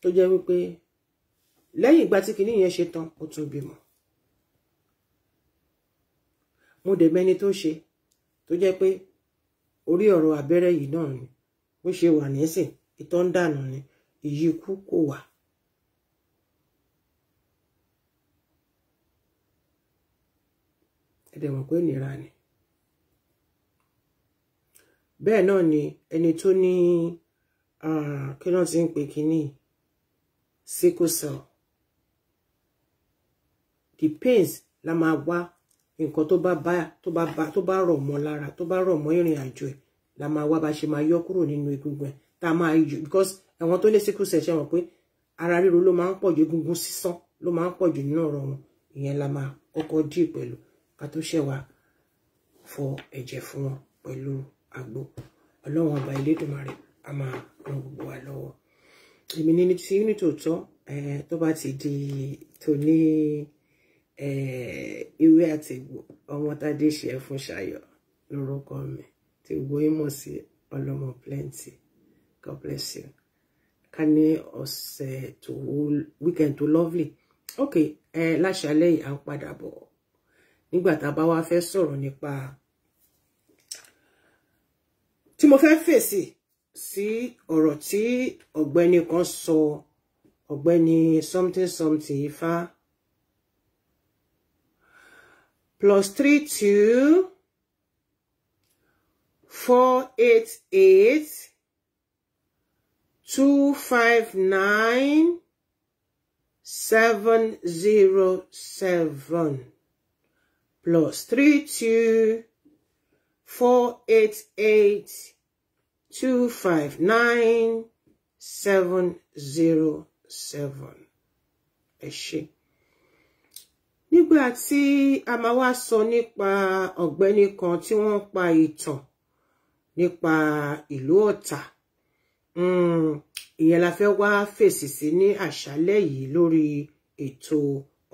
[SPEAKER 1] tó jẹ́ wípé lẹ́yìn ìgbà tí kinní yẹn ṣe tán ó tún bímọ mo dẹ̀ mẹ́ni tó ṣe tó jẹ́ pé orí ọ̀rọ̀ abẹ́rẹ́ yìí náà ni bó ṣe wà nísìn ìtọ́ ń dànù ni ìyí kò wà ẹ̀dẹ̀ mọ̀ pé ìnira ni bẹ́ẹ̀ náà ni ẹni tó ní kí náà ti ń pè kínní sickle cell the pains la máa wá nǹkan tó bá bá tó bá bá tó bá rọ̀ mọ́ lára tó bá rọ̀ mọ́ ìrìn àjò ẹ̀ la máa wá bá ṣe máa yọ kúrò nínú egungun ẹ̀ tá a máa yọ because àwọn tó lé sickle cell ṣe mọ̀ pé ara ríro ló máa ń pọ̀ ju egungun sísán ló máa ń pọ̀ jù nínú ọ̀rọ̀ wọn ìyẹn la máa kọ́kọ́ dì pẹ̀lú ká tó ṣẹ̀wá fọ ẹ̀jẹ̀ fún wọn pẹ̀lú àgbo ọlọ́run ọba elédùnmarè a máa ran gbogbo wa lọ́wọ́ èmi ní ti ní tòótọ́ tó bá ti di tòní ìwé àtẹ̀gbò ọmọ tádé ṣe é fún ṣayọ̀ lórúkọ mi tí gbogbo yín sí ọlọ́mọ plenty god bless you ká ní ọ̀sẹ̀ tó weekend tó lovely ok láṣálẹ́ yìí à ń padà bọ̀ nígbà tá a bá wá fẹ́ sọ̀rọ̀ nípa tí mo fẹ́ fèsì sí ọ̀rọ̀ tí ọ̀gbẹ́ni kan sọ ọ̀gbẹ́ni something something ifá plus three two four eight eight two five nine seven zero seven plus three two four eight eight two five nine seven zero seven. Ẹ ṣé. Nígbà tí a máa wá sọ nípa ọ̀gbẹ́ni kan tí wọ́n pa ìtàn nípa ìlú Ọ̀tà. Mm, ìyẹn la fẹ́ wá fèsì sí ní àṣálẹ́ yìí lórí ètò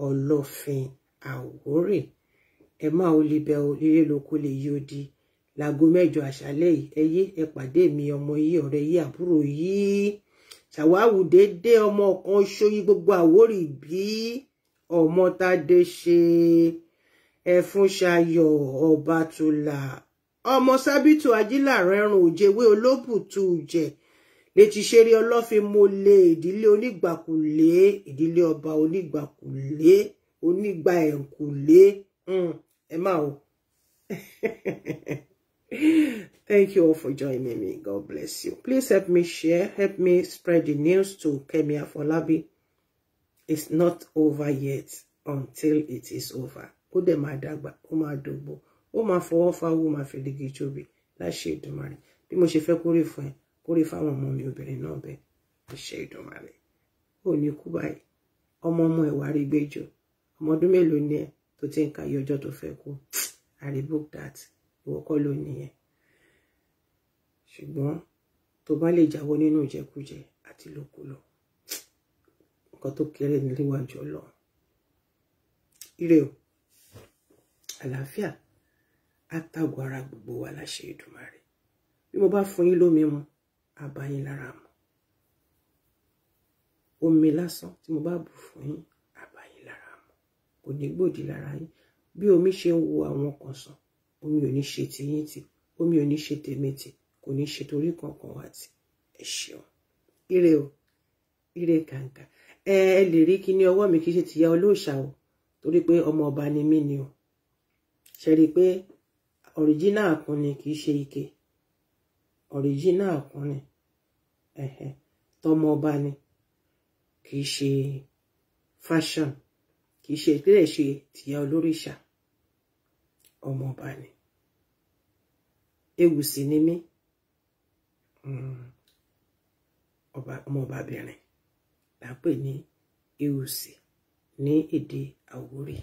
[SPEAKER 1] Ọlọ́fin Àwórì ẹ má o lè bẹ o lílé lóko lè yí o di láago mẹ́jọ àṣálẹ́ yìí ẹ yé ẹ pàdé mi ọmọ yìí ọ̀rẹ́ yìí àbúrò yìí ṣàwáwù déédé ọmọ kan ṣóyí gbogbo àwórì bí ọmọ tádé ṣe ẹfun ṣayọ ọba tula ọmọ sábìtù ajílàrẹrùn òjèwé olóbùtú jẹ létí ṣeré ọlọ́fin mọ́lẹ̀ ìdílé onígbàkulé ìdílé ọba onígbàkulé onígbà ẹ̀ǹkulé. Mm ẹ máa [LAUGHS] thank you all for joining me god bless you please help me share help me spread the news to for Afolabi it's not over yet until it is over ó dẹ̀ máa dàgbà ó máa dògbò ó máa fọwọ́ fáwọ́ ó máa fèdègè jóbi láṣẹ Èdùmàrè bí mo ṣe fẹ́ kórè fún ẹ kórè fáwọn ọmọ mi obìnrin náà bẹ́ẹ̀ láṣẹ Èdùmàrè O ní kú báyìí ọmọ e wari bejo, rí gbẹ́jọ́ ọmọ tó ti ń ka iye ọjọ́ tó fẹ́ kú i rebook that ìwọ kọ́ ló nìyẹn ṣùgbọ́n tó bá lè jáwọ́ nínú ìjẹkújẹ àti lòkulò nǹkan tó kéré níléwájú Ọlọ́run ire o àlàáfíà àtàgọ ara gbogbo wa láṣẹ Èdùmàrè bí mo bá fún yín lómi mu àbá yín lára mu omi lásán tí mo bá bù fún yín kò ní gbòdì lára yín bí omi ṣe ń wo àwọn kan sàn omi ò ní ṣe tiyín tì omi ò ní ṣe tèmi tì kò ní ṣe torí kankan wá tì ẹ ṣeun ire o ire kàǹkà ẹ ẹ lè rí kí ní ọwọ́ mi kì í ṣe tìyá olóòṣà o torí pé ọmọ ọba ni mí ni o ṣe rí i pé ọ̀ríjínà kan kì í ṣe ike ọ̀ríjínà kan tọmọ ọba ni kì í ṣe fashion kì í ṣe ìpínlẹ̀ ṣe tìyá olórìṣà ọmọọba ni ewu sì ni mí ọmọọba hmm. bìnrin là ń pè ní ewu sì ní èdè Àwórì.